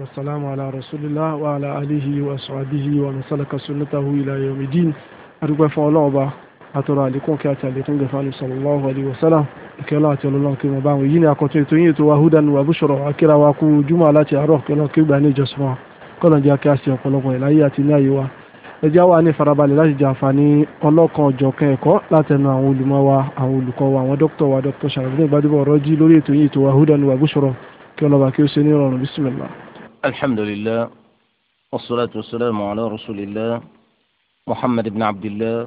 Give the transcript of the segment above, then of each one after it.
والسلام على رسول الله وعلى آله وأصحابه ومن سلك سنته إلى يوم الدين أدوبة فأولوبة àtọ̀rọ̀ àlékún kí àti àlékún gẹ̀fà ní sallallahu alaihi wasallam ìkẹ́lá àti ọlọ́lọ́n kí wọ́n bá wọn yìí ní àkọ́tún ètò yìí ètò wahudan wa bushra akíra wa kú júmọ́ aláti àárọ̀ kẹ́lọ́ kí gbà ní ìjọsìn wọn kọ́lọ̀ jẹ́ kí a ṣe ọ̀pọ̀lọpọ̀ ìláyé àti ní àyè wa ẹjẹ́ wa ní farabalẹ̀ láti jẹ àǹfààní ọlọ́kan ọ̀jọ̀kan ẹ̀kọ́ látẹnu àwọn olùmọ̀ wa àwọn olùkọ́ wa àwọn dókítà wa dókítà sàrẹ́dẹ́ ìgbàdúgbò roji lori lórí ètò yìí ètò wahudan wa bushra kí ọlọ́ba kí ó ṣe ní ìrọ̀rùn bísímillah الحمد لله والصلاة والسلام على رسول الله محمد بن عبد الله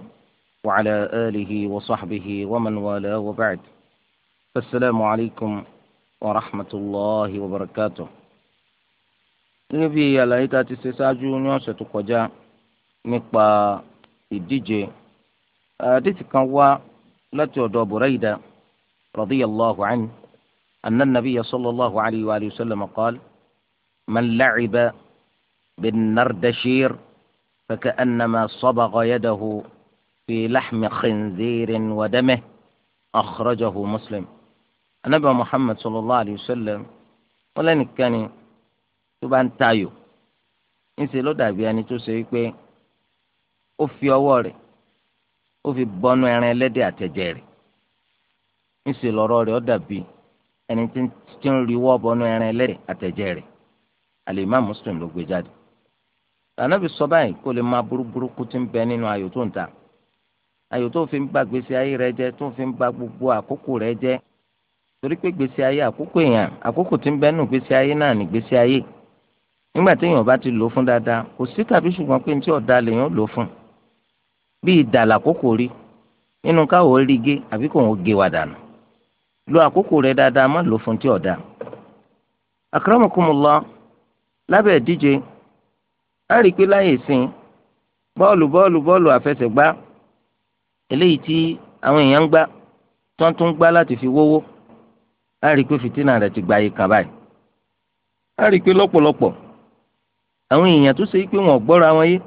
وعلى آله وصحبه ومن والاه وبعد السلام عليكم ورحمة الله وبركاته نبي الله تاتي سيساجو نيوسة قجا نقبا الدجي ديتك هو بريدة رضي الله عنه أن النبي صلى الله عليه وآله وسلم قال من لعب بالنردشير فكأنما صبغ يده في لحم خنزير ودمه أخرجه مسلم النبي محمد صلى الله عليه وسلم ولا نكاني تبان تايو إنسي لو دابي يعني توسي يكوي أوفي أوري أوفي بونو يعني لدي أتجاري إنسي لو روري أو دابي يعني تنري بونو يعني لدي أتجاري alimá muslim ló gbé jáde ànábì sọ báyìí kó lè máa burúburúkú ti ń bẹ nínú ayò tó ń ta ayò tó fi ń ba gbèsè ayé rẹ jẹ tó fi ń ba gbogbo àkókò rẹ jẹ torí pé gbèsè ayé àkókò èèyàn àkókò tí ń bẹ nù gbèsè ayé náà ní gbèsè ayé nígbà téèyàn bá ti lò fún dáadáa kò sí tàbí ṣùgbọ́n pé tí ọ̀dà lèèyàn lò fún bí ìdàlà àkókò rí nínú káwọ́ rí àbí kò ń gé wa dànù lo àkókò rẹ dáadáa má lò fún tí ọ̀dà. akramakumullah lábẹ́ ìdíje a rí i pé láyè sìn bọ́ọ̀lù bọ́ọ̀lù bọ́ọ̀lù àfẹsẹ̀gbá eléyìí tí àwọn èèyàn ń gbá tán tún gbá láti fi wówó a rí i pé fìtínà rẹ̀ ti gba ayé kan báyìí a rí i pé lọ́pọ̀lọpọ̀ àwọn èèyàn tó ṣe pé wọn ò gbọ́ra wọn yé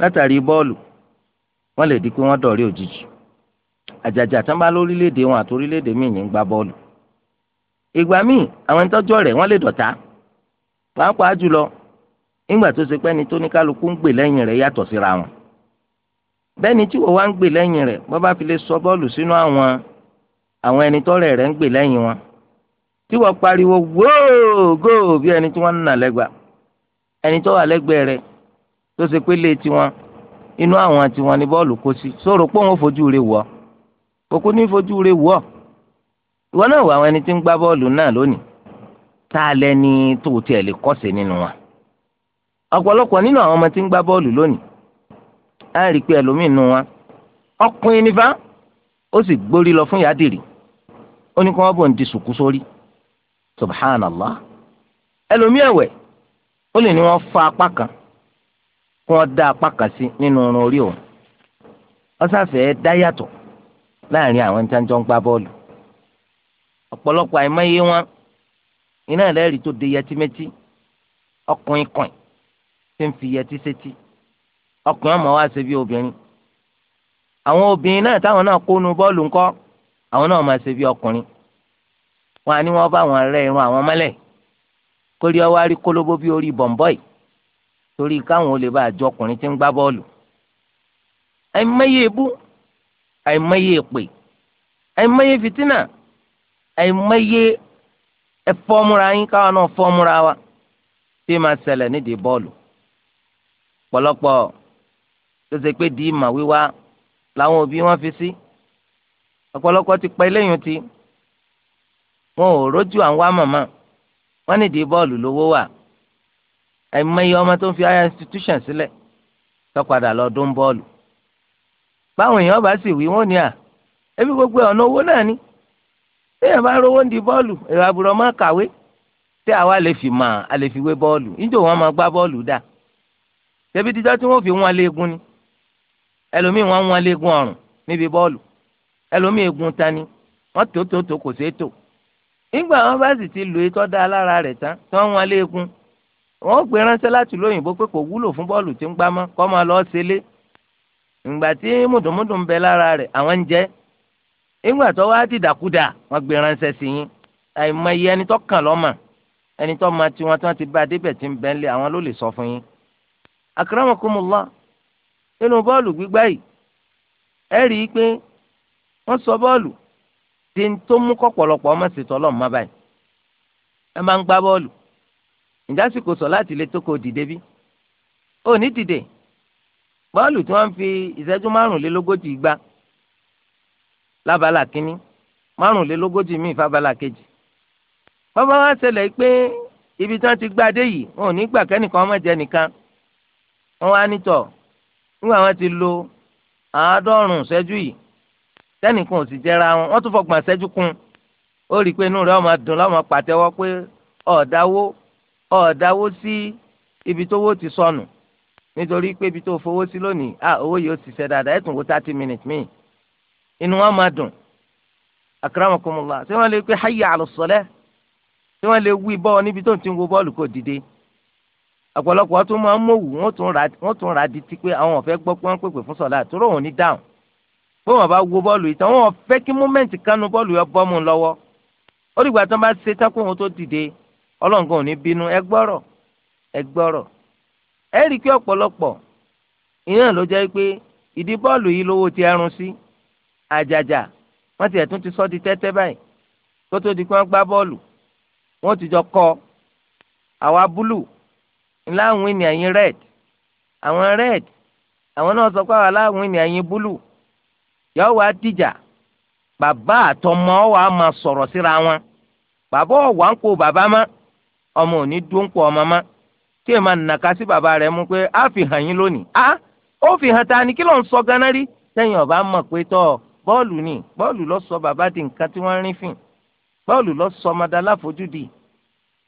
látàrí bọ́ọ̀lù wọ́n lè di pé wọ́n dọ̀rí òjijì àjàjà tán bá lórílẹ̀‐èdè wọn àti èdè míì ní ń pàápàá jùlọ nígbà tó ṣe pé ẹni tó ní kálukú ń gbè lẹ́yìn rẹ̀ yàtọ̀ síra wọn bẹ́ẹ̀ni tí wọ́n wá ń gbè lẹ́yìn rẹ̀ wọ́n bá fi lè sọ bọ́ọ̀lù sínú àwọn àwọn ẹni tọ́rẹ̀ rẹ̀ ń wọn tí wọ́n pariwo góògó bí ẹni tí wọ́n ń nà lẹ́gba ẹni tó wà lẹ́gbẹ̀ẹ́ rẹ̀ tiwọn inú àwọn tiwọn ni bọ́ọ̀lù kó sí fojú rẹ̀ wọ̀ ìwọ náà wà àwọn ẹni tí ń tá a lẹ́ni tó o tiẹ̀ lè kọ́sẹ̀ nínú wa. ọ̀pọ̀lọpọ̀ nínú àwọn ọmọ tí ń gbá bọ́ọ̀lù lónìí á rí i pé ẹlòmíì nínú wa ọkùnrin nífà ó sì gbórí lọ fún yádìrì ó ní kí wọ́n bọ̀ ń di sùkú sórí subhanallah ẹlòmíì ẹ̀wẹ̀ ó lè ní wọ́n fa apá kan kí wọ́n dá apá kan sí nínú irun orí òun ọ̀sáfẹ́ dá yàtọ̀ láàrin àwọn tí wọ́n jọ ń gbá bọ́ọ̀lù ọ̀pọ̀lọpọ̀ àìmọye wọn iná ẹlẹ́rìí tó de yẹtí mẹ́tí ọkùnrin kàn ṣe ń fi yẹtí sétí ọkùnrin ọmọ wa ṣe bí obìnrin àwọn obìnrin náà táwọn náà kó nu bọ́ọ̀lù ńkọ́ àwọn náà máa ṣe bí ọkùnrin wọn ni ní wọn bá àwọn rẹ irun àwọn mọ́lẹ̀ kórí ọwọ́ á kólóbó bí orí bọ̀m̀bọ́ì torí káwọn ò bá àjọ ọkùnrin tí ń gbá bọ́ọ̀lù àìmọye ebú àìmọye èpè àìmọye fìtínà àìmọye ẹ fọ́múra yín káwọn náà fọ́múra wa tí máa ṣẹlẹ̀ nídìí bọ́ọ̀lù pọ̀lọpọ̀ tó ṣe pé di ìmọ̀ wíwá làwọn òbí wọn fi sí ọ̀pọ̀lọpọ̀ ti pa eléyìí ti wọn ò rójú à ń wá màmá wọn nídìí bọ́ọ̀lù lówó wà àìmọye ọmọ tó ń fi higher institution sílẹ̀ tọ́padà lọ́ọ́dún bọ́ọ̀lù báwọn èèyàn bá sì wí wọn ni à ẹbí gbogbo ọ̀nà owó náà ni téèyàn bá rówó ń di bọ́ọ̀lù èrò àbùrọ̀ máa kàwé tẹ́ àwa lè fi mà á lè fi wé bọ́ọ̀lù níjò wọn máa gbá bọ́ọ̀lù dà tẹ́bí dídá tí wọ́n fi wọn léegun ni ẹlòmíì wọn wọn léegun ọ̀rùn níbi bọ́ọ̀lù ẹlòmíì egun tani wọ́n tó tó tó kò sí ètò nígbà wọn bá sì ti lò é tọ́ alára rẹ̀ tán tí wọ́n wọn léegun wọn gbé ránṣẹ́ láti lóyìnbó pé kò wúlò fún bọ́ọ̀lù tí ń gbá kọ́ máa lọ́ọ́ ṣẹlẹ̀ ìgbà tí mùdùnmùdùn ń bẹ lára rẹ̀ àwọn ń jẹ́ ìgbà tó wá dìdàkudà wọn gbé ránṣẹ́ sí yín àìmọye ẹni tó kàn lọ́mọ ẹni tó ma tiwọn tí wọn ti bá a débẹ̀ tí ń bẹ́ ńlẹ̀ àwọn ló lè sọ fún yín. akramakumullah nínú bọ́ọ̀lù gbígbá yìí ẹ rí i pé wọ́n sọ bọ́ọ̀lù tí ń tó mú kọ̀pọ̀lọpọ̀ ọmọ ṣètò ọlọ́run má báyìí ẹ máa ń gbá bọ́ọ̀lù ìdásìkò sọ láti lè tókò dìde bí ò ní dìde bọ́ọ̀lù tí wọ́n fi ìṣẹ́jú márùnlélógójì gbá lábala kínní márùnlélógójì míì fábala kejì bàbá wa ṣẹlẹ̀ pé ibi tí wọ́n ti gba dé yìí wọn ò ní gbà kẹ́nìkan ọmọ jẹ nìkan wọn wá nítọ̀ nígbà wọn ti lo àádọ́rùn ṣẹ́jú yìí tẹ́nìkan ò sì jẹra wọn wọ́n tún fọgbọ̀n ṣẹ́jú kún ó rí i pé inú rẹ̀ ọmọ dùn lọ́mọ pàtẹ́wọ́ pé ọ̀ọ́dáwó ọ̀ọ́dáwó sí ibi tó wó ti sọnù nítorí pé ibi tó fowó sí lónìí ah owó yìí ó ti ṣe dáadáa ẹ̀ tún wo thirty minutes míì inú wọn máa dùn akramakumullah ṣé wọn lè pe hayya ala salah ṣé wọn lè wí bọ́ọ̀ níbi tó ń ti ń wo bọ́ọ̀lù kò dìde ọ̀pọ̀lọpọ̀ tó máa ń mọ̀wù wọ́n tún ra títí pé àwọn ọ̀fẹ́ gbọ́ pé wọ́n pèpè fún sọ̀lá àtúrò òun ní dáhùn pé wọ́n bá wo bọ́ọ̀lù yìí tán wọ́n fẹ́ kí múmẹ́ǹtì kánú bọ́ọ̀lù yọ bọ́ọ̀mù lọ́wọ́ ó dìgbà tán bá ṣe tán kó wọn tó dìde ọlọ́ngàn ò ní bínú ẹ gbọ́rọ̀ ẹ gbọ́rọ̀ ẹ rí i pé ọ̀pọ̀lọpọ̀ ìyẹn ló jẹ́ pé ìdí bọ́ọ̀lù yìí lówó ti ẹrun sí ajaja wọ́n ti ẹ̀tún ti sọ́ di tẹ́tẹ́ báyìí kó tó di kí wọn gbá bọ́ọ̀lù wọn ti jọ kọ àwa búlù láwọn ènìyàn ẹ̀yìn red àwọn rẹd àwọn náà sọ pé àwa láwọn ènìyàn ẹ̀yìn búlù yọ wá dìjà bàbá àtọmọ wa máa sọrọ síra wọn bàbá ọ̀wá ń kó bàbá mọ́ ọmọ ò ní dún pọ̀ ọmọ mọ́ tí èèmà nàka sí bàbá rẹ mú pé a fi hàn yín lónìí a ah, ó fi hàn ta ni kí ló ń sọ ganan rí sẹ́yìn ọ̀bá pé tọ́ ọ bọ́ọ̀lù ni bọ́ọ̀lù lọ sọ bàbá di nǹkan tí wọ́n rí fìn bọ́ọ̀lù lọ sọ ọmọdé aláfojúdi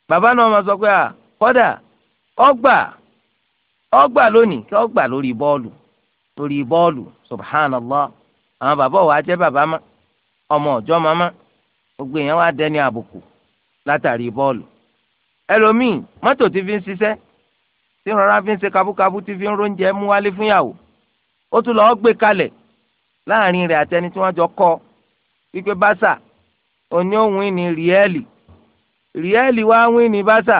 bàbá náà máa sọ pé à kọ́dà ọgbà ọgbà lónìí kí ọgbà lórí bọ́ọ̀lù lórí bọ́ọ̀lù subhanallah àwọn bàbá wa jẹ́ bàbá ma ọmọ ọ̀jọ́ mama gbogbo èèyàn wá dẹni àbùkù látàrí bọ́ọ̀lù ẹlòmíì mọ́tò ti fi ń ṣiṣẹ́ tí rọra fi ń ṣe kabúkabú ti fi ń róúnjẹ mú wálé fúnyàwó ó tún lọ́ọ́ gbé kalẹ̀ láàrin rẹ̀ àtẹni tí wọ́n jọ kọ́ wípé báṣà oní òun ìní rìẹ́lì rìẹ́lì wá wín ní báṣà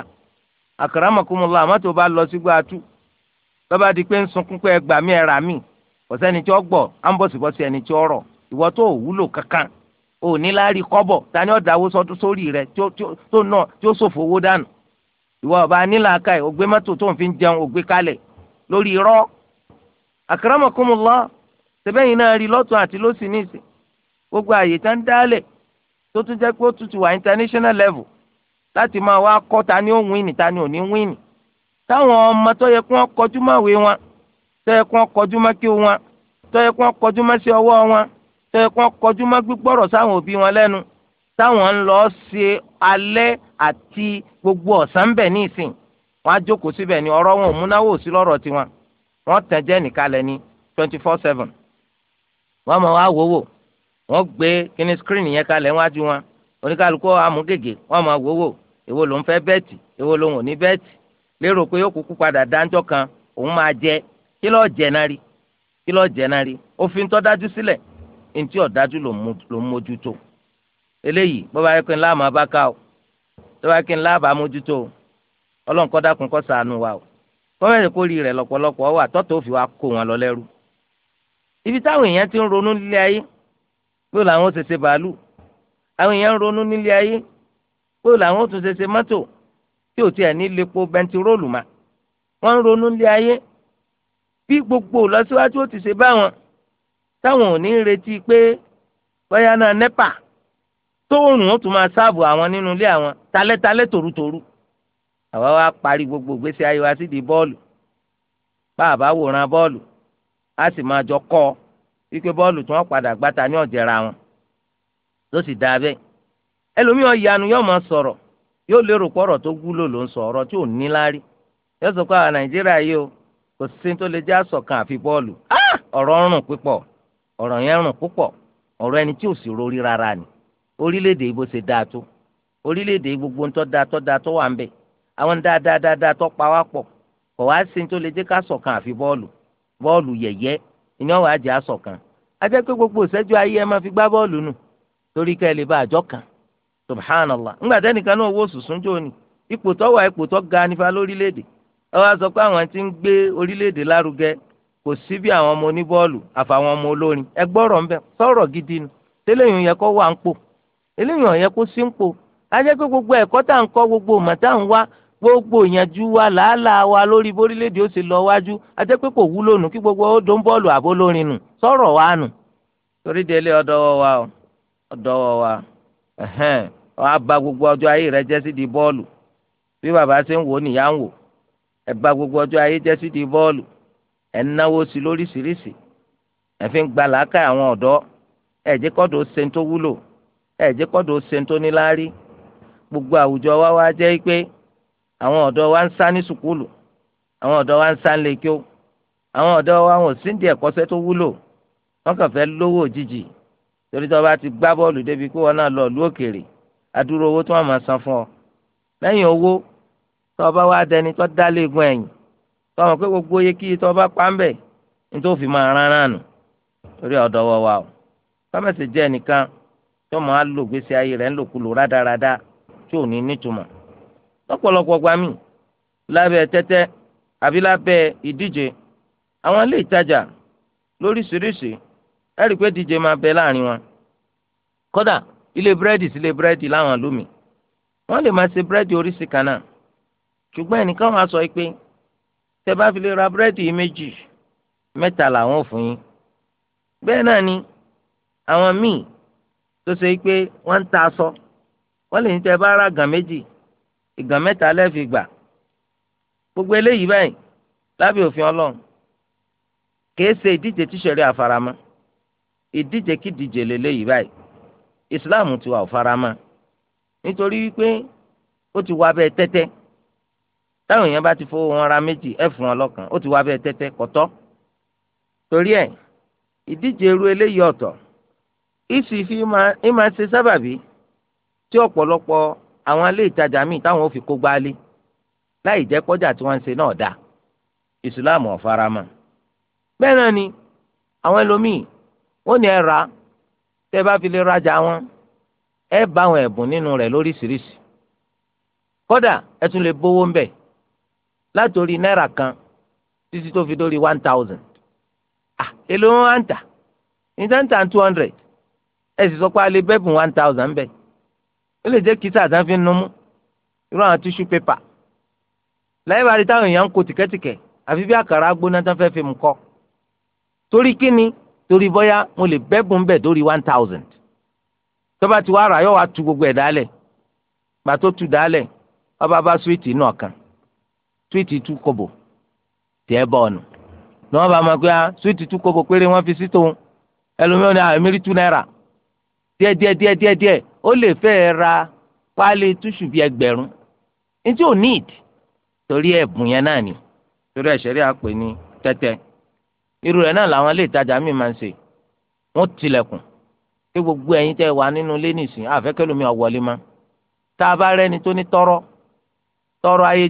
àkàràmọ̀kùmọ̀lá àmọ́ tó bá lọ sígbó atú bàbá di pé ń sunkún pé ẹgbàá mi ẹ̀rà mi kò sẹ́ni tí ó gbọ́ à ń bọ̀sibọ́sí ẹni tí ó rọ̀ ìwọ tó wúlò kankan ò ní láárí kọ́bọ̀ tani ó dáwó sọ́dún sórí rẹ̀ tó nà tí ó owó dànù ìwọ ọba nílàáka ẹ̀ ògbé mọ́tò tó ń fi jẹun ògbé kalẹ̀ lórí irọ́ àkàràmọ̀kùmọ̀lá sẹ́bẹ̀yìn náà rí lọ́tún àti lọ́sìn níìsín gbogbo àyè tá ń dálẹ̀ tó tún jẹ́ pé ó tutù wà international level láti máa wá kọ́ ta ni ó win ni ta ni ò ní win ni táwọn ọmọ tó yẹ kí wọ́n kọjú máwé wọn tó yẹ kí wọ́n kọjú má kí wọn tó yẹ kí wọ́n kọjú má sí ọwọ́ wọn tó yẹ kí wọ́n kọjú má gbígbọ́rọ̀ sáwọn òbí wọn lẹ́nu táwọn ń lọ ṣe alẹ́ àti gbogbo ọ̀sán bẹ̀ ní ìsìn wọn á jókòó síbẹ̀ ní ọ̀rọ̀ wọn òmúnáwó sí lọ́rọ̀ tiwọn wọn tẹ̀ jẹ́ nìkalẹ̀ ní twenty four seven wọ́n mọ̀ wá wòwò wọ́n gbé kíní screen yẹn kalẹ̀ wájú wọn oníkálukú amúgègè wọ́n mọ̀ wòwò èwo ló ń fẹ́ bẹ́ẹ̀tì èwo ló ń ò ní bẹ́ẹ̀tì lérò pé yóò kúkú padà dáńjọ́ kan òun máa jẹ kí lọ́ọ́ jẹ náà rí kí lọ́ọ́ jẹ náà rí òfin tó dájú sílẹ̀ ntí ọ̀dájú ló ń mójútó eléyìí bó bá yẹ kí n láàmú abáká o tó yẹ kí n láàbà mójútó o ọlọ́nkọ́ dákun kó ṣàánú wa o kọ́mẹ́rẹ́ kórìí rẹ̀ lọ́pọ̀lọpọ̀ wà tọ́tò òfin wa kó wọn lọ lẹ́rú ibi táwọn èèyàn ti ń ronú nílé ayé pé làwọn ó ṣe ṣe bàálù àwọn èèyàn ń ronú nílé ayé pé làwọn ó tún ṣe mọ́tò tí ò tiẹ̀ ní lepo bẹntiróòlù mà wọ́n ń ronú nílé ayé bí gbogbo lọ́síwájú ó ti ṣe báwọn táwọn ò ní retí pé bóyá náà nẹ́pà tóòrùn ó tún máa ṣáàbù àwọn nínú ilé àwọn talẹ́talẹ́ tòrútòrú àwa wá parí gbogbo ìgbésí ayé wa sídìí bọ́ọ̀lù bá a bá wòran bọ́ọ̀lù a si máa jọ kọ́ ọ wípé bọ́ọ̀lù tí wọ́n padà gbá ta ní ọ̀jẹ̀ra wọn ló sì dáa bẹ́ẹ̀ yanu yóò máa sọ̀rọ̀ yóò lérò pọ̀rọ̀ tó wúlò ló ń sọ ọ̀rọ̀ tí ò ní sọ pé àwọn ah, nàìjíríà yìí o kò sí tó lè já sọ̀kan àfi bọ́ọ̀lù ah! ọ̀rọ̀ ń rùn púpọ̀ ọ̀rọ̀ yẹn púpọ̀ ọ̀rọ̀ ẹni tí ò sì rori rárá ni orílẹ̀-èdè tó tó tó bọ́ọ̀lù yẹ̀yẹ́ ìní ọ̀wọ́ àjẹ́ aṣọ kan ajẹ́ pé gbogbo ìṣẹ́jú ayé ẹ máa fi gbá bọ́ọ̀lù nù torí ká ẹ lè bá àjọ kan subhanallah ńgbà tẹ́nìkan náà owó sùsùn jò ní ipò tó ga nífa lórílẹ̀‐èdè ẹ wá sọ pé àwọn tí ń gbé orílẹ̀‐èdè lárugẹ kò sí bí àwọn ọmọ oníbọ́ọ̀lù àfàwọn ọmọ olórin ẹ gbọ́rọ̀ ń bẹ sọ̀rọ̀ gidi tẹ́lẹ̀yìn yẹ kó wà ń gbogbo ẹ̀kọ́ tá gbogbo gbogbo ìyànjú wa làálàá wa lórí bórílẹ̀èdè ó sì lọ wájú ajẹ́ pé kò wúlò nù kí gbogbo ó dún bọ́ọ̀lù àbó lórin nù sọ̀rọ̀ wa nù. torí délé ọdọwọ wa ọdọwọ wa ẹhẹn wọn ba gbogbo ọjọ́ ayé rẹ jẹ́ sí di bọ́ọ̀lù bí bàbá ṣe ń wò nìyá ń wò ẹ ba gbogbo ọjọ́ ayé jẹ́ sí di bọ́ọ̀lù ẹ náwó sí lóríṣiríṣi ẹ fi ń gba làákà àwọn ọ̀dọ́ ẹ jẹ́ kọ́dọ̀ ṣe ń tó wúlò ẹ jẹ́ kọ́dọ̀ ṣe ń tó níláárí gbogbo àwùjọ wa wá jẹ́ pé àwọn ọ̀dọ́ wa ń sá ní sùkúlù àwọn ọ̀dọ́ wa ń sá lè kí ó àwọn ọ̀dọ́ wa wọn ò sí ní ẹ̀kọ́ṣẹ́ tó wúlò wọ́n kàn fẹ́ lówó òjijì torí tí wọ́n bá ti gbá bọ́ọ̀lù débi pé wọ́n náà lọ ìlú òkèèrè adúrò owó tí wọ́n máa san fún ọ lẹ́yìn owó tí wọ́n bá wá dẹni tó dá léegun ẹ̀yìn tí wọ́n mọ̀ pé gbogbo iye kíyè tí wọ́n bá pa ń bẹ̀ ní máa rán ránù torí ọ̀dọ́ wọ wa o kámẹ́sì jẹ́ ẹnìkan tó máa lò ayé rẹ̀ ńlòkulò rádaràda tí ò ní nítumọ̀ lọ́pọ̀lọpọ̀ gba mí lábẹ́ tẹ́tẹ́ àbí lábẹ́ ìdíje àwọn ilé ìtajà lóríṣiríṣi ẹ rí i pé díje máa bẹ láàrin wọn kódà ilé búrẹ́dì sí ilé búrẹ́dì láwọn ìlú mi wọ́n lè máa ṣe búrẹ́dì oríṣi kan náà ṣùgbọ́n ẹnìkan wàá sọ pé tẹ bá fi lè ra búrẹ́dì méjì mẹ́ta làwọn fún yín bẹ́ẹ̀ náà ni àwọn míì tó ṣe pé wọ́n ń ta aṣọ wọ́n lè ní tẹ bá ra gàn méjì ìgàn mẹ́ta lẹ́ẹ̀fi gbà gbogbo eléyìí báyìí lábẹ́ òfin ọlọ́run kìí ṣe ìdíje tíṣẹ̀rí àfaramọ́ ìdíje kídíje lélẹ́yìí báyìí islam ti wà òfaramọ́ nítorí wípé ó ti wá bẹ́ẹ̀ tẹ́tẹ́ táwọn èèyàn bá ti fowó wọn ra méjì ẹ̀ fún ó ti wá bẹ́ẹ̀ tẹ́tẹ́ kọ́tọ́ torí ẹ̀ ìdíje irú eléyìí ọ̀tọ̀ ìsì fi máa ṣe sábàbí tí ọ̀pọ̀lọpọ̀ àwọn ilé ìtajà míì táwọn ò fi kó gbálé láì jẹ́ pọ́jà tí wọ́n ń ṣe náà dà ìsìláàmù ọ̀faramọ́ bẹ́ẹ̀ náà ni àwọn ẹlòmíì wọ́n ní ẹ ra tẹ́ bá fi lè rajà wọn ẹ bá àwọn ẹ̀bùn nínú rẹ̀ lóríṣiríṣi kódà ẹ tún lè bówó ń bẹ̀ látòrí náírà kan títí tó fi dórí one thousand ah èlò wọn à ń tà ní tẹ́ńtà two hundred ẹ sì sọ pé a lè bẹ́bùn one thousand bẹ́ẹ̀ ó lè jẹ́ kìsà tá a fi ń numú irú àwọn tíṣú pépà láyé bá rí táwọn èèyàn ń kó tìkẹ́tìkẹ́ àfi bí àkàrà gbóná tán fẹ́ fi mú kọ́ torí kíni torí bọ́yá mo lè bẹ́bùn bẹ̀ dórí one thousand tọ́ba ti wá rà yóò wá tu gbogbo ẹ̀ dálẹ̀ gbà tó tu dálẹ̀ ọba bá súwìtì náà kan súwìtì tú kòbò tẹ́ bọ́ọ̀nù ní wọ́n bá máa gbé súwìtì tú kòbò péré wọ́n fi sí tòun ẹlòmíràn ní àmì ah, rí tú náírà díẹ̀ díẹ̀ díẹ̀ díẹ̀ díẹ̀ ó lè fẹ́ ra páálí túṣù bíi ẹgbẹ̀rún ntí ò need torí ẹ̀bùn yẹn náà ni torí ẹ̀ṣẹ̀ rí àpè ní tẹ́tẹ́ irú rẹ̀ náà làwọn ilé ìtajà mi máa ń ṣe wọ́n tilẹ̀kùn pé gbogbo ẹ̀yin tẹ́ wà nínú ilé nìsín àfẹ́kẹ́lómi ọ̀wọ́lé má tá a bá rẹ́ni tó ní tọ́rọ́ tọ́rọ́ ayé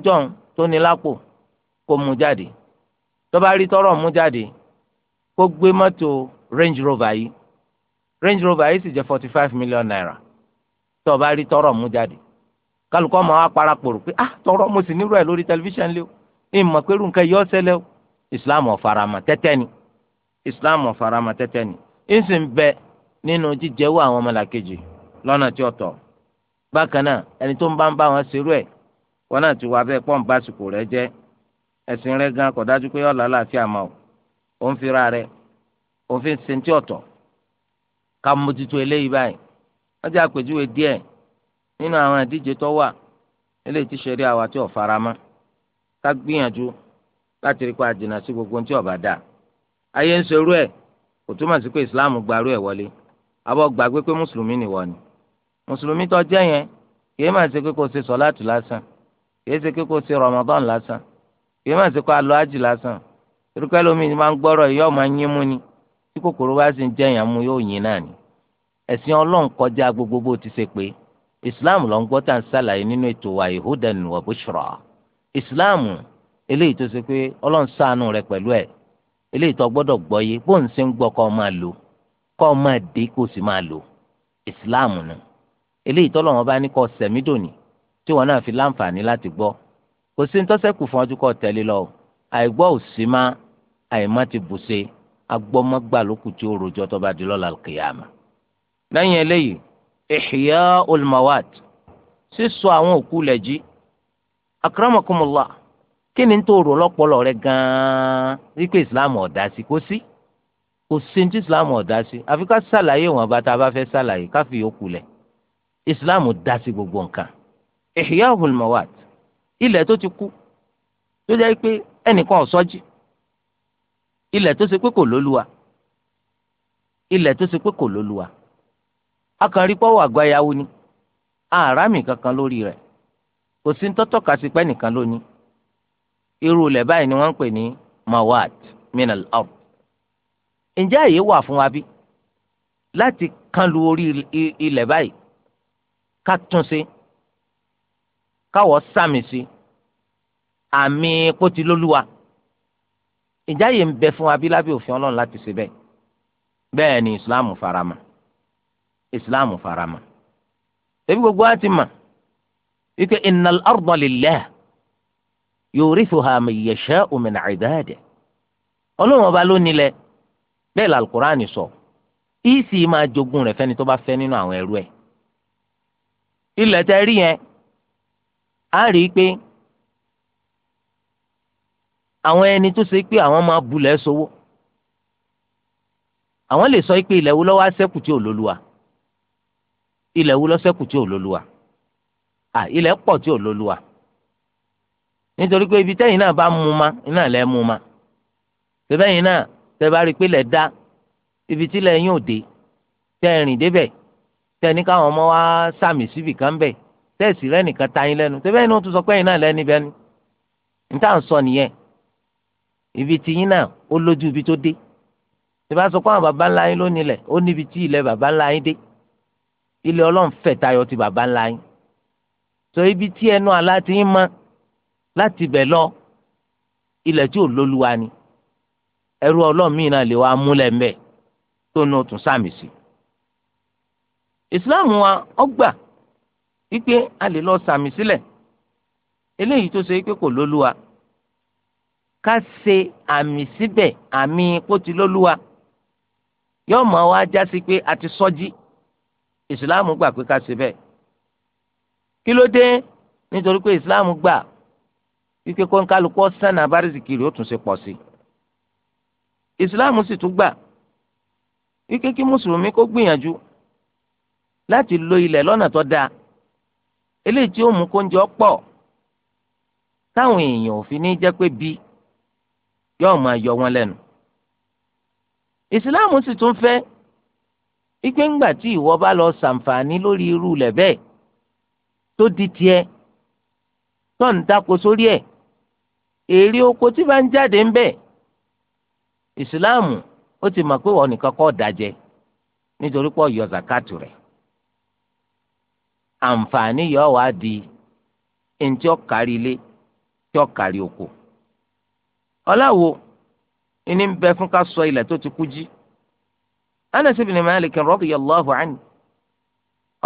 tó ní lápò kó mú jáde tó bá rí tọ́rọ́ mú jáde kó gbé mọ́tò Range Rover yìí Range Rover yìí sì jẹ́ forty five million naira tó o bá rí tọrọ mú jáde kálukọ́ máa wá parapòrò pé ah tọrọ mo sì nírú ẹ̀ lórí tẹlifíṣàn lé o ìmọ̀ pé nǹkan yọ ọ́sẹ́lẹ̀ o islam ọ̀farama tẹ́tẹ́ ni islam ọ̀farama tẹ́tẹ́ ni ìsìn bẹ nínú jíjẹ́wọ́ àwọn ọmọlàkejì lọ́nà tí ó tọ́ bákan náà ẹni tó ń bá ń bá wọn ṣerú ẹ̀ wọn náà ti wá bẹ́ẹ̀ pọ́n básìkò rẹ jẹ́ ẹ̀sìn rẹ gan kò dájú pé ọ̀là láàfin àmọ́ ò ń fira rẹ òfin sin ọ̀tọ̀ ká mójútó eléyìí báyìí wọ́n ti àpèjúwe díẹ̀ nínú àwọn ìdíje tó wà eléyìí ti ṣeré àwa tí ò fara mọ́ ká gbìyànjú láti rí pa àjìnà sí gbogbo tí ọba dà ayé ń ṣerú ẹ̀ kò túmọ̀ sí pé ìsìláàmù gbarú ẹ̀ wọlé abọ́ gbàgbé pé mùsùlùmí nìwọ ni mùsùlùmí tó jẹ́ yẹn kìí máa ṣe pé kò ṣe lásán kìí ṣe pé kò ṣe rọmọdán lásán kìí máa ṣe pé alọ́ àjì lásán irúkẹ́ lómi ni máa ń gbọ́rọ̀ yóò máa yín mú ni tí kòkòrò bá sì ń mú yóò yín náà ẹ̀sìn ọlọ́run kọjá gbogbo bó ti ṣe pé islam ló ń gbọ́ tá à ń ṣàlàyé nínú ètò wa yehudan bushra islam eléyìí tó ṣe pé ọlọ́run ṣàánú rẹ pẹ̀lú ẹ̀ eléyìí tó gbọ́dọ̀ gbọ́ yé bó ń ṣe ń gbọ́ kọ́ máa lò kọ́ máa dé kó sì máa lò islam nù eléyìí tó lọ́wọ́n bá ní kọ́ sẹ̀mídòní tí wọ́n náà fi láǹfààní láti gbọ́ kò sí ní tọ́sẹ̀kù fún ọdún kọ́ tẹ̀lé lọ àìgbọ́ òsì má àìmá ti bùṣe agbọ́mọ́gbà lókùtì òròjọ́ tó bá di lọ́la kìyàmá lẹ́yìn eléyìí ihya'ul mawat sísọ àwọn òkú lẹ̀ jí akramakumullah kí ni tó rò lọ́pọlọ rẹ gan-an wípé ìsìláàmù ọ̀dà sí kò sí kò sí ní ìsìláàmù ọ̀dà sí àfi ká sàlàyé wọn bá tá a bá fẹ́ sàlàyé ká fi yòókù lẹ̀ ìsìláàmù dá sí gbogbo nǹkan ihya'ul mawat ilẹ̀ tó ti kú tó jẹ́ pé ẹnìkan ò sọ́jí ilẹ̀ tó ṣe pé kò lólúwa ilẹ̀ tó ṣe pé kò lólúwa akànrí pọ́wọ́ àgbáyàwó ni àràmì kankan lórí rẹ̀ kò sí tọ́tọ́ kàṣípẹ́ nìkan lónìí irú ilẹ̀ báyìí ni wọ́n ń pè ní mawad minal ard ǹjẹ́ àyè wà fún wa bí láti kánlu orí ilẹ̀ báyìí ká tún ṣe káwọ́ sàmì sí àmì pótilólúwa ǹjẹ́ àyè ń bẹ fún wa bí lábẹ́ òfin ọlọ́run láti ṣe bẹ́ẹ̀ bẹ́ẹ̀ ni Islam farama islam farama ebi gbogbo a ti ma ike innal arda lillah yurithuha man yasha'u min ibadihi ọlọ́run ọba ló nílẹ̀ bẹ́ẹ̀ la alukur'ani sọ ìsì máa jogún rẹ̀ fẹ́ni tó bá fẹ́ nínú àwọn ẹrú ẹ̀ ilẹ̀ tẹ́ rí yẹn á rí i pé àwọn ẹni tó ṣe pé àwọn máa bulẹ̀ sowó àwọn lè sọ pé ilẹ̀ wo lọ́wọ́ á sẹ́kù tí ò lóluwa. So ilẹ̀ wo lọ́sẹ̀kù tí ò lóluwà à ilẹ̀ pọ̀ tí ò lóluwà nítorí pé ibi tẹ́yìn náà bá mú ma iná lẹ́ mú ma tẹ́bẹ́yìn náà tẹ́bá rí pé dá ibi tí lẹ̀ yín dé tẹ́rìn débẹ̀ tẹ́ni káwọn ọmọ wa sàmì síbì kan bẹ̀ tẹ́sì rẹ́ nìkan ta yín lẹ́nu tẹ́bẹ́yìn náà tún sọ pé ẹ̀yìn náà lẹ́ni bẹ́ni níta ń ibi tí yín náà ó lójú dé sọ baba ńlá yín ló nílẹ̀ ó níbi tí baba ńlá yín dé ilé ọlọ́run fẹ̀ tayọ ti bàbá ńlá yín sọ ibi tí ẹnu àlá ti ń mọ láti bẹ̀ lọ ilẹ̀ tí ò lóluwa ni ẹrú ọlọ́run míì náà lè wá múlẹ̀ ńbẹ̀ tó nu tún sàmì sí. ìsìláàmù wa ọgbà wípé a lè lọ sàmì sílẹ̀ eléyìí tó ṣe pé kò lóluwa ká ṣe àmì síbẹ̀ àmì kó lóluwa yóò mọ̀ wá jásí pé a ti sọ́jí. So ìsìláàmù gbà pé ká ṣe bẹ́ẹ̀ kí ló dé nítorí pé ìsìláàmù gbà wípé kó ń kálukú ọ̀sán àbáríṣìkiri ó tún ṣe pọ̀ sí ìsìláàmù sì tún gbà wípé kí mùsùlùmí kó gbìyànjú láti lo ilẹ̀ lọ́nà tó dáa eléyìí tí ó mú kóúnjẹ ọ̀pọ̀ táwọn èèyàn ò fi ní jẹ́ pé bí yóò máa yọ wọn lẹ́nu ìsìláàmù sì tún fẹ́ ike ńgbà tí ìwọ bá lọ ṣàǹfààní lórí irú rẹ̀ bẹ́ẹ̀ tó di tiẹ̀ tó ń dáko sórí ẹ̀ èrè oko tí bá ń jáde ń bẹ ìsìláàmù ó ti mọ̀ pé wọ́n nìkan kọ́ dájẹ́ nítorí pé ọ̀yọ́ zakatu rẹ̀ àǹfààní yóò wá di ẹni tí kárí ilé tí ó kárí oko ọláwo ẹni ń bẹ fún ká sọ ilẹ̀ tó ti kú jí Anas ibn Malik radiyallahu anhu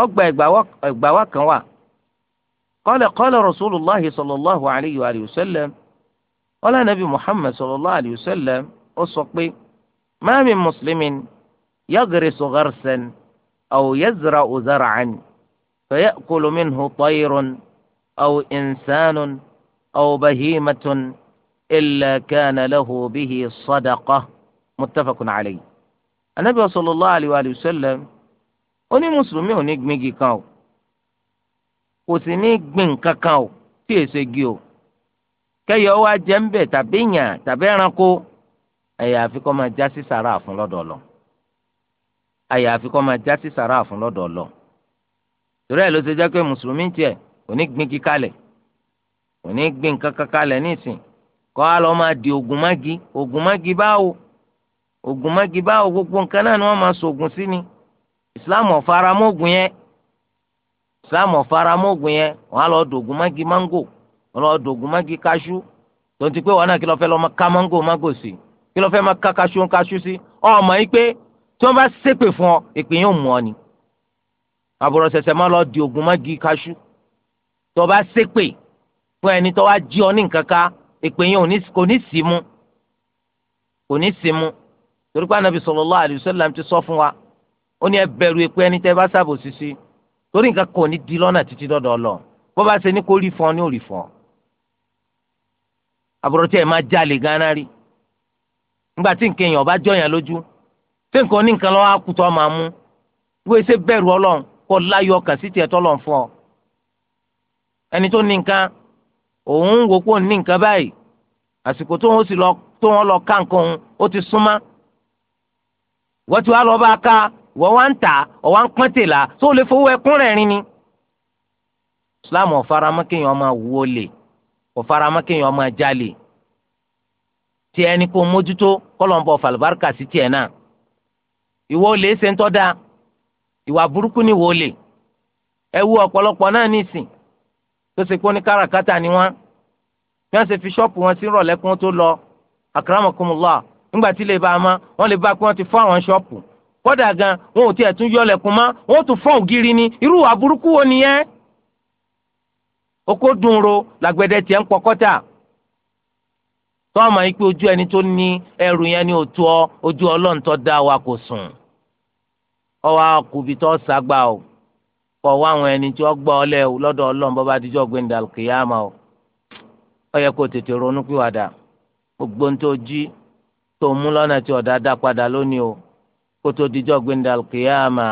ọgbà ẹgbàá kan wà qala qala rasulillah sallallahu alayhi wa sallam ọlá nàbí Muhammad sallallahu alayhi wa sallam ó sọ pé ma min muslimin yaghrisu gharsan aw yazra'u zar'an faya'kulu minhu tayrun aw insanun aw bahimatun illa kana lahu bihi sadaqah muttafaqun alayhi. anabi sallallahu alayhi wa sallam ó ní mùsùlùmí ò ní gbin igi kan o kò sì ní gbin nǹkan kan o tí èso igi o kẹyọ wa jẹ ń bẹ tàbí yàn tàbí ẹranko àyàfi kó máa já sí sàrà fún lọ́dọ̀ lọ àyàfi kó máa já sí sàrà fún lọ́dọ̀ lọ torí ẹ̀ ló ṣe jẹ́ pé mùsùlùmí tiẹ̀ ò ní gbin kalẹ̀ ò ní gbin nǹkan kalẹ̀ nísìn kó a máa di ogun mági ogun mági báwo oògùn magi báwo gbogbo nǹkan náà ni wọ́n máa sògùn sí ni islam ọ̀faramóògùn yẹn islam ọ̀faramóògùn yẹn wọ́n á lọ dògùn magi mango wọ́n lọ dògùn magi kaṣú tonti pé wọ́n náà kí ló fẹ́ lọ ká mango mango sí kí ló fẹ́ máa ká kaṣú kaṣú sí ọmọ yìí pé tí wọ́n bá ṣépè fún ọ èpè yóò mú ọ ni àbúrò ṣẹ̀ṣẹ̀ máa lọ di oògùn magi kaṣú tó bá ṣépè fún ẹni tó wá jí ọ ní nǹkan ká èpè yẹn kò ní sí mu kò ní sí mu torí pé anabi sallallahu alaihi wasallam ti sọ fún wa ó ní osisi epo ẹni tẹ́ bá sábò sisi torí nǹkan kò ní di lọ́nà títí dọ́dọ̀ lọ bó bá ṣe ní kó rí fún ọ ní ò rí fún ọ. àbúrò tí ẹ máa jalè gánà rí nígbà tí nǹkan èèyàn bá jọyàn lójú tí nǹkan oníkan lọ́wọ́ akutọ́ máa mú wíwé ṣe bẹ̀rù ọlọ́run kó láyọ̀ ọkàn sí tiẹ̀ ọ. lọ ká nǹkan òun ó ti wọ́n ti wá lọ bá a ká wọ́n wá ń tà ọ̀ wá ń pọ́n tèlà tó lè fowó ẹkún rẹ̀ rin ni. islam ọ̀faramọ́ kéèyàn máa wúwo lè ọ̀faramọ́ kéèyàn máa tí ẹni kó mójútó kọ́lọ́ǹbọ̀ fàlùbáríkà sí tiẹ̀ náà ìwọ lè ṣe ń tọ́ da ìwà burúkú ni wò lè ẹ wú ọ̀pọ̀lọpọ̀ náà nísìn tó ṣe pé ní káràkátà ni wọ́n bí wọ́n ṣe fi ṣọ́ọ̀pù wọn sí rọ̀lẹ́kùn tó lọ akramakumullah ńgbà tí ilé ama ma wọ́n lè bá pé wọ́n ti fọ́ àwọn ṣọ́ọ̀pù kódà gan wọn ò tiẹ̀ tún yọ ọlẹ̀kùn mọ́ wọn ò tún fọ́ ògiri ni irú ìwà burúkú wo nìyẹn. oko dunro làgbẹ̀dẹ tiẹ̀ ń pọkọ́tà tọ́ọ̀mà yi pé ojú ẹni tó ní ẹrù yẹn ni òtú ọ ojú ọlọ́run dá wa sùn ọwọ́ àkùbí o tó mú lọ́nà tí ọ̀dà dá padà lónìí o kó tó dijọ́ gbẹ̀ndẹ̀ alùkìyàmà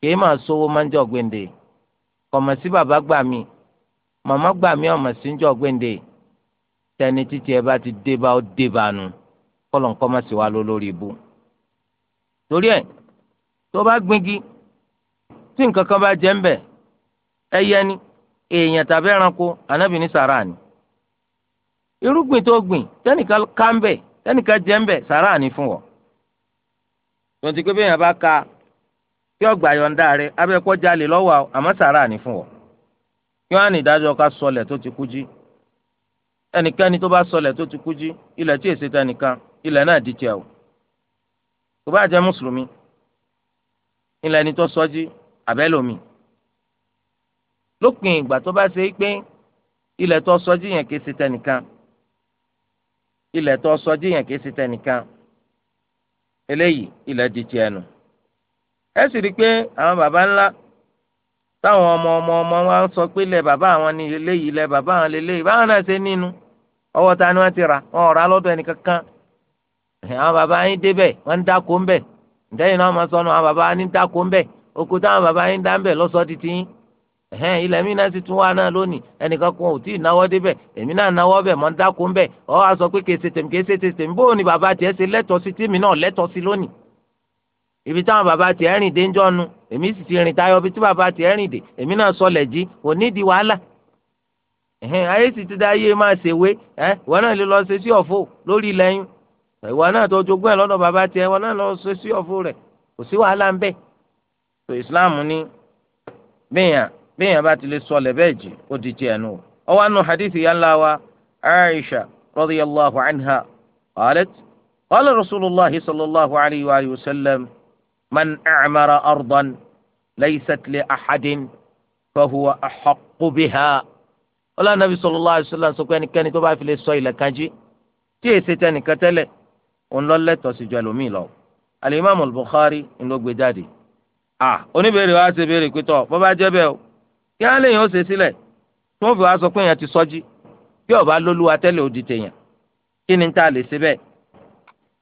kìí máa sówó máa ń jọ gbẹ̀ndẹ̀ kọ̀mọ̀ sí bàbá gbà mí màmá gbà mí ọ̀mọ̀ sí ń jọ gbẹ̀ndẹ̀ tẹni títí ẹ bá ti dé bá ó dé bá nu kọ́lọ̀ nǹkan má sì wá lọ lórí ibu. torí ẹ tó bá gbingi tí nǹkan kan bá jẹ́ ń bẹ̀ ẹyẹ ni èèyàn tàbí ẹranko ànábì sàrà ni irúgbìn tó gbìn tẹ́nìkan ká ń bẹ̀ tẹnìkan jẹ ń bẹ sàrà ni fún ọ tonti pé bẹ́ẹ̀ bá ka kí ọgbà yọ̀ǹda rẹ abẹ́kọ́ jalè lọ́wọ́ àmọ́ sàrà ni fún ọ kí wọ́n á ní ìdájọ́ ká sọlẹ̀ tó ti kú jí ẹnikẹ́ni tó bá sọlẹ̀ tó ti kú jí ilẹ̀ tí èsì tẹnìkan ilẹ̀ náà di tiẹ̀ o kò bá jẹ́ mùsùlùmí ilẹ̀ ni tó sọ jí àbẹ́lòmíì lópin ìgbà tó bá ṣe é pé ilẹ̀ tó sọ jí yẹn kì í ṣe tẹnìkan ilẹ̀ tó sọjí yẹn kì í ṣe tẹnìkan eléyìí ilẹ̀ di tiẹ̀ nù. ẹ sì rí i pé àwọn baba ńlá táwọn ọmọ ọmọ ọmọ wa ń sọ pé ilẹ̀ bàbá àwọn ni eléyìí ilẹ̀ bàbá àwọn lélẹ́yìí báwọn náà ṣe nínú ọwọ́ ta ni wọ́n ti rà wọn rà lọ́dọ̀ kankan baba yín débẹ̀ wọ́n ń dáko ńbẹ̀ náà wọ́n sọ àwọn baba yín dáko ńbẹ̀ baba yín dá ńbẹ̀ lọ́sọ̀ọ́ ẹhẹn ilẹ̀ mi náà ti tún wá náà lónìí ẹnìkan kan ò tí ì náwó débẹ̀ èmi náà náwó bẹ̀ mọ́ ń dáko ń bẹ̀ ọ á sọ pé kèsè tèmi kèsè tèmi bóun ni bàbá tiẹ̀ ṣe lẹ́tọ̀ọ́ sí tèmi náà lẹ́tọ̀ọ́ sí lónìí ibi táwọn bàbá tiẹ̀ rìn dé ń jọ́nu èmi sì ti rìn tayọ ibi tí bàbá tiẹ̀ rìn dé èmi náà sọlẹ̀ jí kò nídìí wàhálà ẹhẹn ayé sì ti dá ayé máa ṣèwé ìwọ náà bẹ́ẹ̀yàn bá ti lè sọ lẹ̀ bẹ́ẹ̀ jì ó di tiẹ̀ nù. ọwọ́ àánú hadithi yà ń la wa aisha radiyallahu anha qalat qala rasulillah sallallahu alayhi wa sallam man acmara ardan laysat li axadin fahuwa axaqu biha. ọlọ́run nabi sallallahu alayhi wa sallam sọ pé ẹnikẹ́ni tó bá fi lè sọ ilẹ̀ kan jí tí èsì tẹnìkan tẹ́lẹ̀ òun lọ lẹ́tọ̀ọ́ sí ju ẹlòmíì lọ. alimami al-bukhari ń lọ gbé jáde. ah oníbèrè wa ṣe béèrè pé tọ́ jẹ́ bẹ́ẹ̀ o. kí á léèyàn ó ṣe sílẹ̀ tí wọ́n fi wá sọ pé èèyàn ti sọ́jí bí ọba lólúwa tẹ́lẹ̀ òdì tèèyàn kí ni tá a lè ṣe bẹ́ẹ̀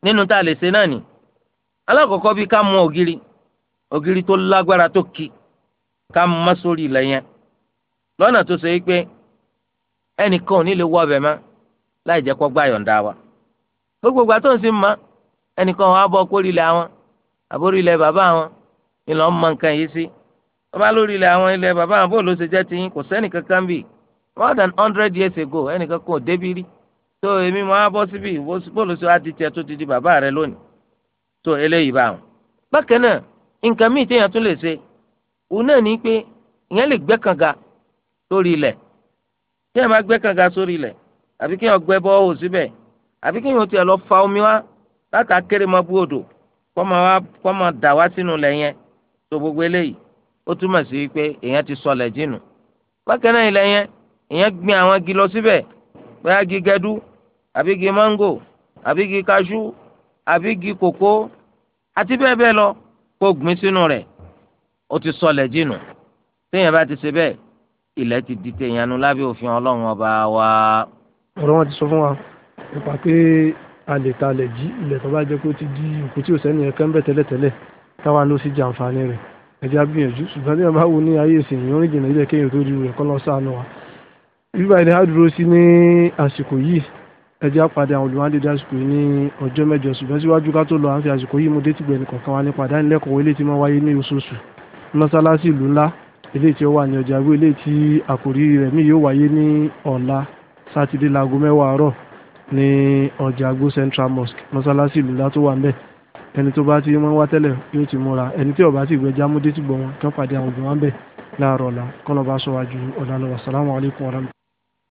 nínú tá a lè ṣe náà ni alákọ̀ọ́kọ́ bí ká mú ògiri ògiri tó lágbára tó ki ká mú má sórí ilẹ̀ yẹn lọ́nà tó ṣe pé ẹnìkan ò ní lè wọ ọbẹ̀ mọ́ láì jẹ́ kó wọ́n bá lórí ilẹ̀ àwọn ilẹ̀ bàbá àwọn bóòlù ṣe jẹ́ tiyín kò sẹ́nì kankan bì more than hundred years ago ẹnìkan kò débi rí tó èmi máa bọ́ síbi bóòlù ṣe wá di tiẹ̀ tó ti di bàbá rẹ lónìí tó eléyìí bá wọn. bákan náà nǹkan míì téèyàn tún lè ṣe òun náà ní pé ìyẹn lè gbẹ́ kànga sórí ilẹ̀ téèyàn bá gbẹ́ kànga sórí ilẹ̀ àbí kéèyàn gbẹ́ bọ́ síbẹ̀ àbí kéèyàn tiẹ̀ lọ fa omi wá látàkéré mọ́ bú odò kọ́ máa dà wá sínú ilẹ̀ yẹn tó gbogbo eléyìí ó túmọ̀ sí pé èèyàn ti sọlẹ̀ jìnnù bákan náà ilẹ̀ yẹn èèyàn gbin àwọn igi lọ síbẹ̀ pé agi gẹdú àbí igi máńgò àbí igi kaṣú àbí igi kòkó àti bẹ́ẹ̀ bẹ́ẹ̀ lọ kó gbin sínú rẹ̀ ó ti sọlẹ̀ jìnnù téèyàn bá ti ṣe bẹ́ẹ̀ ilẹ̀ ti di téèyàn nu lábẹ́ òfin ọlọ́run ọba wa. ọ̀rọ̀ wọn ti sọ fún wa nípa pé a lè ta alẹ̀ jí ilẹ̀ tó bá jẹ́ pé ó ti di òkú tí ò sẹ́ni ẹ̀kẹ́ ń bẹ̀ tẹ́lẹ̀tẹ́lẹ̀ táwa ló sì jàǹfààní rẹ̀ ẹja gbìyànjú ṣùgbọ́n tí wọ́n bá wo ní ayé ìsìn yìí wọ́n jìnnà ilé kéèyàn tó dirú rẹ̀ kọ́ lọ́ọ́ sànù wa. bíbá ilẹ̀ á dúró sí ní àsìkò yìí ẹja padà àwọn olùwádìí àsìkò yìí ní ọjọ́ mẹ́jọ ṣùgbọ́n síwájú ká tó lọ à ń fi àsìkò yìí mo dé tìgbẹ́ nìkọ̀ọ̀kan wa nípa ìdánilẹ́kọ̀ọ́ ilé tí wọ́n wáyé ní oṣooṣù mọ́sálásí ìlú ńlá ilé tí ó wà ní ọjà àgbo ilé tí àkòrí rẹ̀ mí yóò wáyé ní ọ̀la sátidé láago mẹ́wàá àárọ̀ ní ọjà àgbo central mosque mọ́sálásí ìlú ńlá tó wà ńbẹ̀ ẹni tó bá ti mọ́ wá tẹ́lẹ̀ yóò ti múra ẹni tí ó bá ti gbẹja múdé ti gbọ́ wọn kí wọ́n pàdé àwọn obìnrin wọn bẹ̀ láàárọ̀ ọ̀la kọ́nà bá sọ wájú ọ̀la lọ́wọ́ sàlámù alaykum wa rahmatulah.